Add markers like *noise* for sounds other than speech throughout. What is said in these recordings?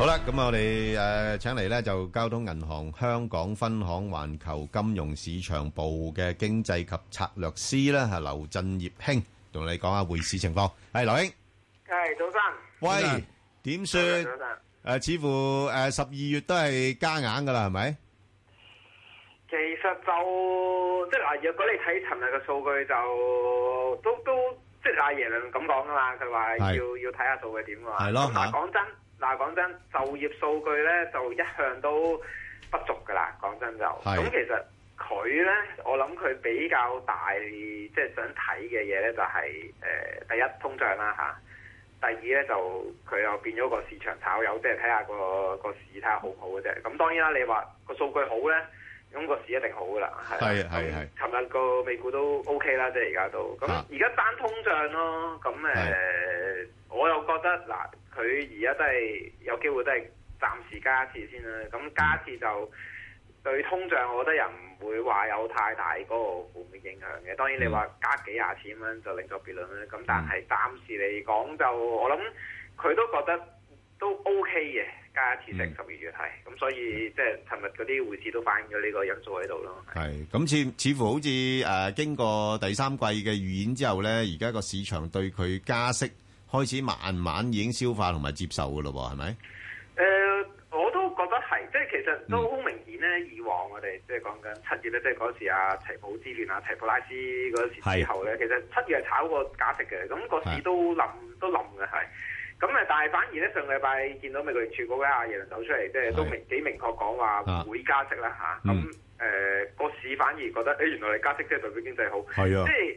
好啦，咁我哋誒請嚟咧就交通銀行香港分行環球金融市場部嘅經濟及策略師呢，係劉振業兄同你講下匯市情況。係劉兄，係早晨。喂，點算？誒，似乎誒十二月都係加硬噶啦，係咪？其實就即係阿爺，如果你睇尋日嘅數據就都都即係阿爺咁講噶嘛，佢話要要睇下數據點啊嘛。係咯，但係講真。嗱，講真，就業數據咧就一向都不俗噶啦，講真就。咁係其實佢咧，我諗佢比較大，即係想睇嘅嘢咧就係，誒，第一通脹啦嚇，第二咧就佢又變咗個市場炒友，即係睇下個個市睇下好唔好嘅啫。咁當然啦，你話個數據好咧，咁個市一定好噶啦。係係係。尋日個美股都 OK 啦，即係而家都。咁而家單通脹咯，咁誒，我又覺得嗱。佢而家都係有機會，都係暫時加一次先啦。咁加一次就對通脹，我覺得又唔會話有太大嗰個負面影響嘅。當然你話加幾廿次咁樣就另作別論啦。咁但係暫時嚟講，就我諗佢都覺得都 OK 嘅，加一次成十二月係。咁所以即係尋日嗰啲會議都反映咗呢個因素喺度咯。係咁，似似乎好似誒、呃、經過第三季嘅預演之後咧，而家個市場對佢加息。開始慢慢已經消化同埋接受嘅咯，係咪？誒，我都覺得係，即係其實都好明顯咧。以往我哋即係講緊七月咧，即係嗰時阿齊普之戀、阿齊普拉斯嗰時之後咧，其實七月係炒個加息嘅，咁個市都冧都冧嘅係。咁啊，但係反而咧上個禮拜見到美國聯儲局嗰位阿耶倫走出嚟，即係都明幾明確講話會加息啦吓。咁誒，個市反而覺得誒，原來你加息即係代表經濟好，即係。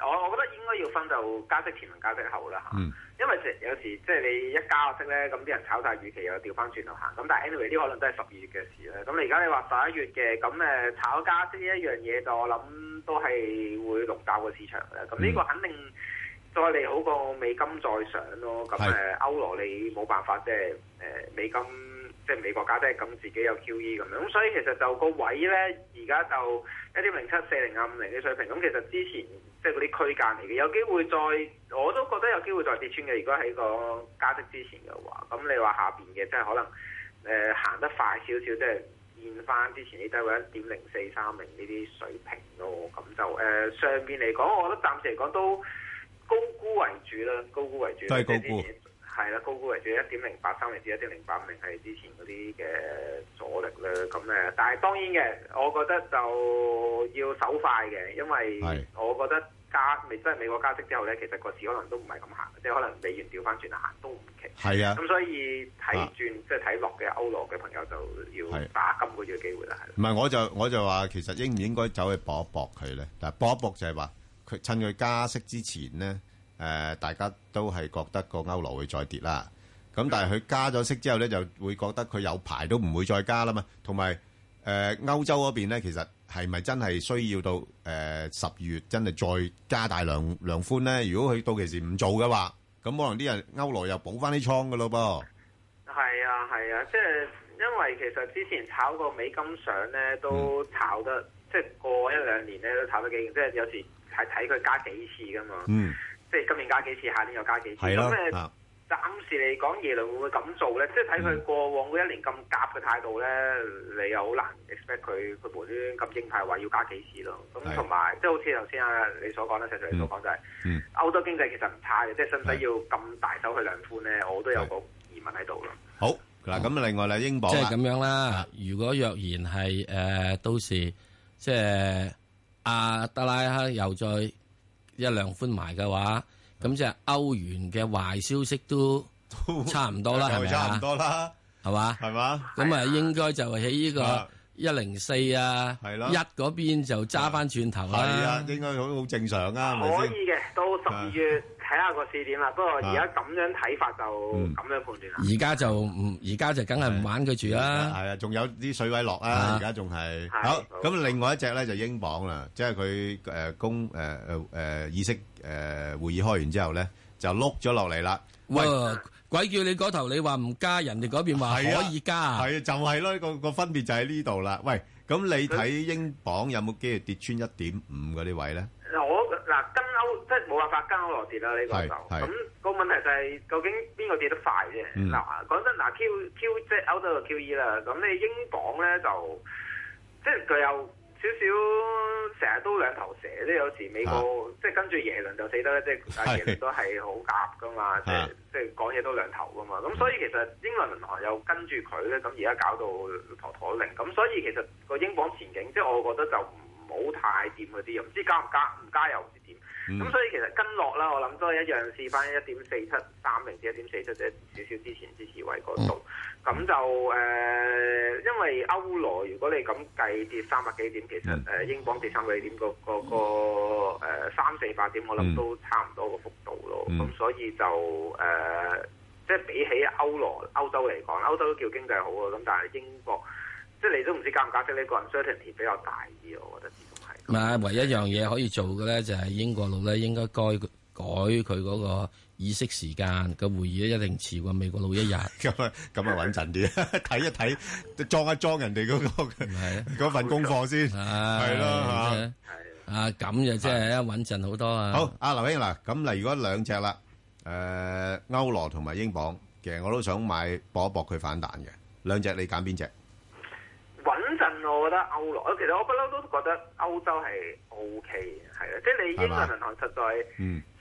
我我覺得應該要分就加息前同加息後啦嚇，嗯、因為有時即係、就是、你一加息咧，咁啲人炒晒預期又調翻轉頭行。咁但係 anyway 呢，可能都係十二月嘅事啦。咁你而家你話十一月嘅咁誒炒加息呢一樣嘢，就我諗都係會籠罩個市場啦。咁呢、嗯、個肯定再利好過美金再上咯。咁誒是歐羅你冇辦法，即係誒美金即係、就是、美國加息咁自己有 Q E 咁樣咁，所以其實就個位咧，而家就一啲零七四零啊五零嘅水平咁，其實之前。即係嗰啲區間嚟嘅，有機會再，我都覺得有機會再跌穿嘅。如果喺個加息之前嘅話，咁你話下邊嘅，即係可能誒行、呃、得快少少，即係見翻之前啲低位一點零四三零呢啲水平咯。咁就誒、呃、上邊嚟講，我覺得暫時嚟講都高沽為主啦，高沽為主。係啦，高估嚟住一點零八，三，甚至一點零八五，係之前嗰啲嘅阻力咧。咁咧，但係當然嘅，我覺得就要手快嘅，因為我覺得加，真係美國加息之後咧，其實個市可能都唔係咁行，即係可能美元調翻轉行都唔奇。係的啊，咁所以睇轉即係睇落嘅歐羅嘅朋友就要打的今個月嘅機會啦，係。唔係，我就我就話其實應唔應該走去搏一搏佢咧？嗱，搏一搏就係話佢趁佢加息之前咧。誒、呃，大家都係覺得個歐羅會再跌啦。咁但係佢加咗息之後咧，就會覺得佢有排都唔會再加啦嘛。同埋誒，歐洲嗰邊咧，其實係咪真係需要到誒十、呃、月真係再加大量量寬咧？如果佢到期時唔做嘅話，咁可能啲人歐羅又補翻啲倉㗎咯噃。係啊，係啊，即係因為其實之前炒個美金上咧都炒得、嗯、即係過一兩年咧都炒得幾，嗯、即係有時係睇佢加幾次噶嘛。嗯即係今年加幾次，下年又加幾次。咁誒，暫時嚟講，耶倫會唔會咁做咧？即係睇佢過往嗰一年咁夾嘅態度咧，你又好難 expect 佢佢無端咁鷹派話要加幾次咯。咁同埋，即係、就是、好似頭先啊，你所講咧，石你、就是、Sir 所講就係歐洲經濟其實唔差嘅，即係使唔使要咁大手去量寬咧，我都有個疑問喺度咯。好嗱，咁另外啦，英鎊、嗯、即係咁樣啦。如果若然係誒，到、呃、時即係阿德拉克又再。一兩寬埋嘅話，咁即係歐元嘅壞消息都差唔多啦，係咪 *laughs* 差唔多啦，係嘛？係嘛？咁啊，吧啊，啊，應該就喺呢個一零四啊，一嗰邊就揸翻轉頭啦。係啊，應該好好正常啊。可以嘅，到十二月。睇下個試點啦，不過而家咁樣睇法就咁樣判斷啦。而家就唔，而家就梗係唔玩佢住啦。係啊，仲有啲水位落啊，而家仲係好。咁另外一隻咧就英鎊啦，即係佢誒公誒誒議息誒會議開完之後咧，就碌咗落嚟啦。喂，鬼叫你嗰頭，你話唔加，人哋嗰邊話可以加，係啊，就係咯，個個分別就喺呢度啦。喂，咁你睇英鎊有冇機會跌穿一點五嗰啲位咧？即係冇辦法跟歐羅跌啦，呢個就，咁個問題就係、是、究竟邊個跌得快啫？嗱、嗯，講真嗱，Q Q 即係歐洲嘅 QE 啦，咁你英鎊咧就即係佢有少少成日都兩頭蛇，即係有時美國、啊、即係跟住耶倫就死得咧，即係是但係佢都係好夾噶嘛，即係即係講嘢都兩頭噶嘛，咁所以其實英倫銀行又跟住佢咧，咁而家搞到陀陀擰，咁所以其實個英鎊前景即係我覺得就唔。冇太掂嗰啲，又唔知加唔加唔加又唔知點。咁、嗯、所以其實跟落啦，我諗都係一樣47，試翻一點四七三，零至一點四七，即係少少之前支持位嗰度。咁、嗯、就誒、呃，因為歐羅如果你咁計跌三百幾點，其實誒、呃、英鎊跌三百幾點、嗰個，嗰個個三四百點，我諗都差唔多個幅度咯。咁、嗯、所以就誒、呃，即係比起歐羅歐洲嚟講，歐洲都叫經濟好啊，咁但係英國。即係你都唔知加唔加息呢個 uncertainty 比較大啲。我覺得始終唔係唯一一樣嘢可以做嘅咧，就係英國佬咧應該改改佢嗰個議息時間嘅會議咧，一定遲過美國佬一日咁啊，咁啊穩陣啲睇一睇裝一裝人哋嗰個嗰份功課先係咯，係啊咁就即係一穩陣好多啊。好阿劉英嗱，咁嚟如果兩隻啦，誒歐羅同埋英鎊，其實我都想買搏一搏佢反彈嘅兩隻，你隻，你揀邊隻？我覺得歐羅，其實我不嬲都覺得歐洲係 OK 嘅，係啊，即係你英國銀行實在吧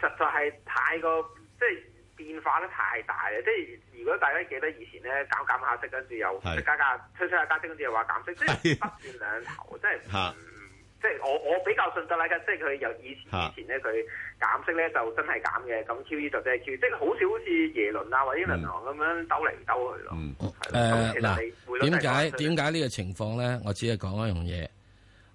實在係太過，即係變化得太大啦。即係如果大家記得以前咧減減下息，跟住又加息，加息，加息，跟住又話減息，即係的不變兩頭，即係。 *laughs* *laughs* 即係我我比較信德拉吉，即係佢由以前、啊、以前咧佢減息咧就真係減嘅，咁 QE 就真係 QE，即係好少好似耶倫啊或者銀行咁樣兜嚟兜去咯。誒嗱、嗯，點解點解呢個情況咧？我只係講一樣嘢。誒、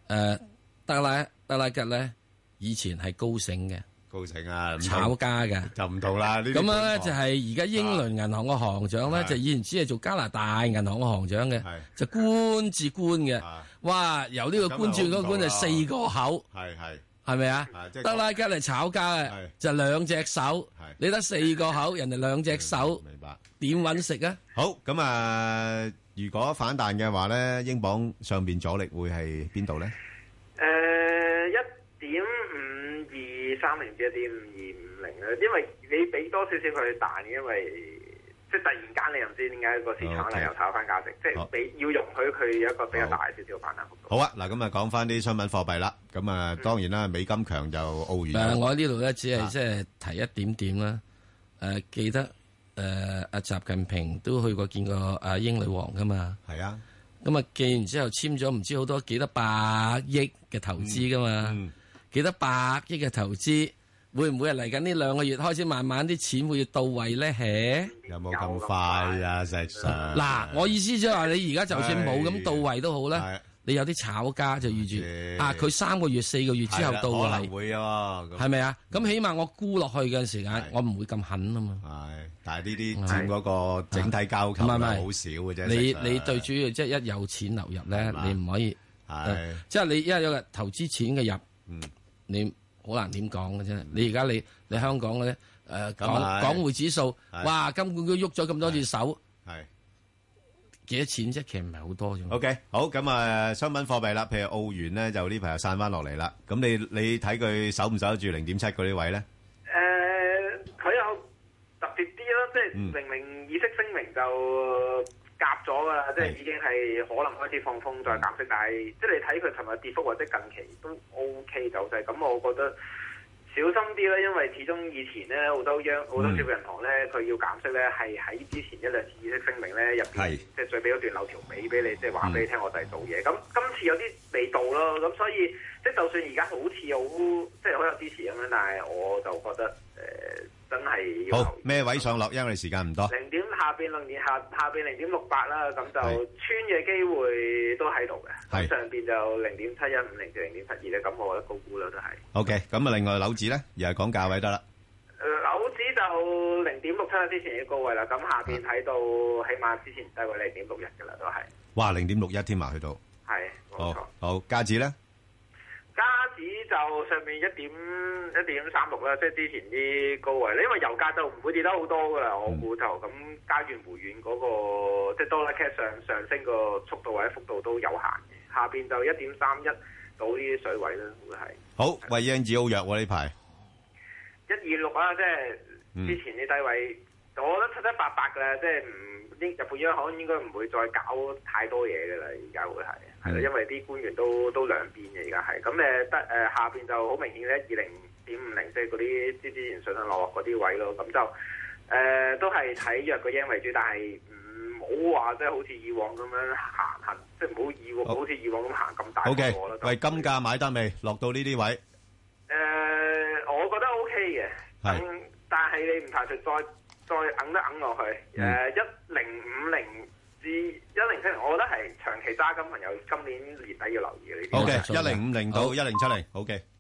呃，德拉德拉吉咧，以前係高盛嘅，高盛啊，炒家嘅就唔同啦。咁樣咧就係而家英倫銀行嘅行長咧，啊、就以前只係做加拿大銀行嘅行長嘅，就官至官嘅。啊啊啊。哇！由呢個官轉嗰個官就四個口，係係係咪啊？德拉吉嚟炒家嘅就兩隻手，你得四個口，人哋兩隻手，明白點搵食啊？好咁啊！如果反彈嘅話咧，英鎊上邊阻力會係邊度咧？誒一點五二三零至一點五二五零啦，因為你俾多少少佢彈，因為。即係突然間，你又唔知點解個市場可能又炒翻價值，好即係俾好要容許佢有一個比較大少少嘅反彈幅度好多。好啊，嗱咁啊，講翻啲商品貨幣啦。咁啊，當然啦，嗯、美金強是就澳元。誒，我喺呢度咧只係即係提一點點啦。誒、啊啊，記得誒阿、啊、習近平都去過見過阿英女王噶嘛。係啊。咁啊，見完之後簽咗唔知好多幾多百億嘅投資噶嘛。幾多、嗯嗯、百億嘅投資。會唔會嚟緊呢兩個月開始慢慢啲錢會到位咧？嚇！有冇咁快啊，嗱，我意思即係話你而家就算冇咁到位都好啦，你有啲炒家就預住啊，佢三個月、四個月之後到位，會喎，係咪啊？咁起碼我沽落去嘅時間，我唔會咁狠啊嘛。係，但係呢啲佔嗰個整體交購好少嘅啫。你你最主要即係一有錢流入咧，你唔可以，即係你一有投資錢嘅入，你。好難點講嘅啫，你而家你你香港咧，誒港港匯指數，哇，金管佢喐咗咁多次手，係幾多錢啫？其實唔係好多啫。OK，好咁啊，商品貨幣啦，譬如澳元咧，就呢排又散翻落嚟啦。咁你你睇佢守唔守得住零點七嗰啲位咧？誒，佢有特別啲咯，即係明明意識聲明就。夾咗噶啦，即係已經係可能開始放風再減息，是但係即係你睇佢尋日跌幅或者近期都 O、OK, K 就勢、就是，咁我覺得小心啲啦，因為始終以前咧澳洲央好、嗯、多支付銀行咧，佢要減息咧係喺之前一兩次議息聲明咧入邊，面是即係最尾一段留條尾俾你，即係話俾你聽我第做嘢。咁、嗯、今次有啲未到咯，咁所以即係就算而家好似好即係好有支持咁樣，但係我就覺得誒。呃真係好咩位上落，嗯、因為你時間唔多零。零點下邊，下零點下下邊零點六八啦，咁就穿嘅機會都喺度嘅。係是上邊就零點七一五、零零點七二咧，咁我覺得高估啦、就是，都係。O K，咁啊，另外樓指咧，又係講價位得啦。樓指就零點六七之前已經高位啦，咁下邊睇到、啊、起碼之前低過零點六一噶啦，都係。哇，零點六一添嘛，去到。係。好。好。家指咧？加紙就上面一點一點三六啦，即係之前啲高位咧，因為油價就唔會跌得好多㗎，嗯、我估頭咁加軟回軟嗰個即係多啦卡上上升個速度或者幅度都有限嘅。下邊就一點三一到呢啲水位咧會係。好，喂，英紙好弱喎呢排，一二六啊，即係之前啲低位。嗯我覺得七七八八嘅啦，即係唔應日本央行應該唔會再搞太多嘢嘅啦。而家會係，係啦，因為啲官員都都兩邊嘅。而家係咁，誒得誒，下邊就好明顯咧，二零點五零即係嗰啲之之前上上落落嗰啲位咯。咁就誒都係睇弱個應為主，但係唔好話即係好似以往咁樣行行，即係冇以好似以往咁行咁大嘅波啦。Okay, 但喂，金價買得未？落到呢啲位？誒、呃，我覺得 OK 嘅，但係你唔排除再。再揞得揞落去，誒一零五零至一零七零，70，我覺得係長期揸金朋友今年年底要留意呢啲。O K，一零五零到一零七零，O K。Okay,